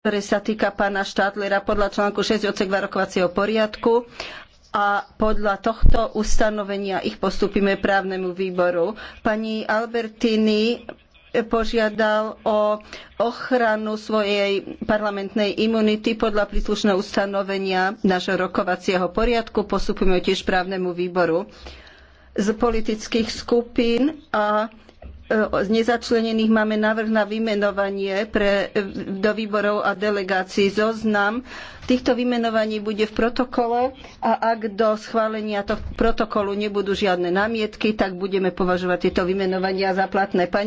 ktoré sa týka pána Štátlera podľa článku 6 odsek rokovacieho poriadku a podľa tohto ustanovenia ich postupíme právnemu výboru. Pani Albertini požiadal o ochranu svojej parlamentnej imunity podľa príslušného ustanovenia nášho rokovacieho poriadku. Postupujeme tiež právnemu výboru z politických skupín a z e, nezačlenených máme návrh na vymenovanie pre, e, do výborov a delegácií. Zoznam týchto vymenovaní bude v protokole a ak do schválenia tohto protokolu nebudú žiadne námietky, tak budeme považovať tieto vymenovania za platné. Pani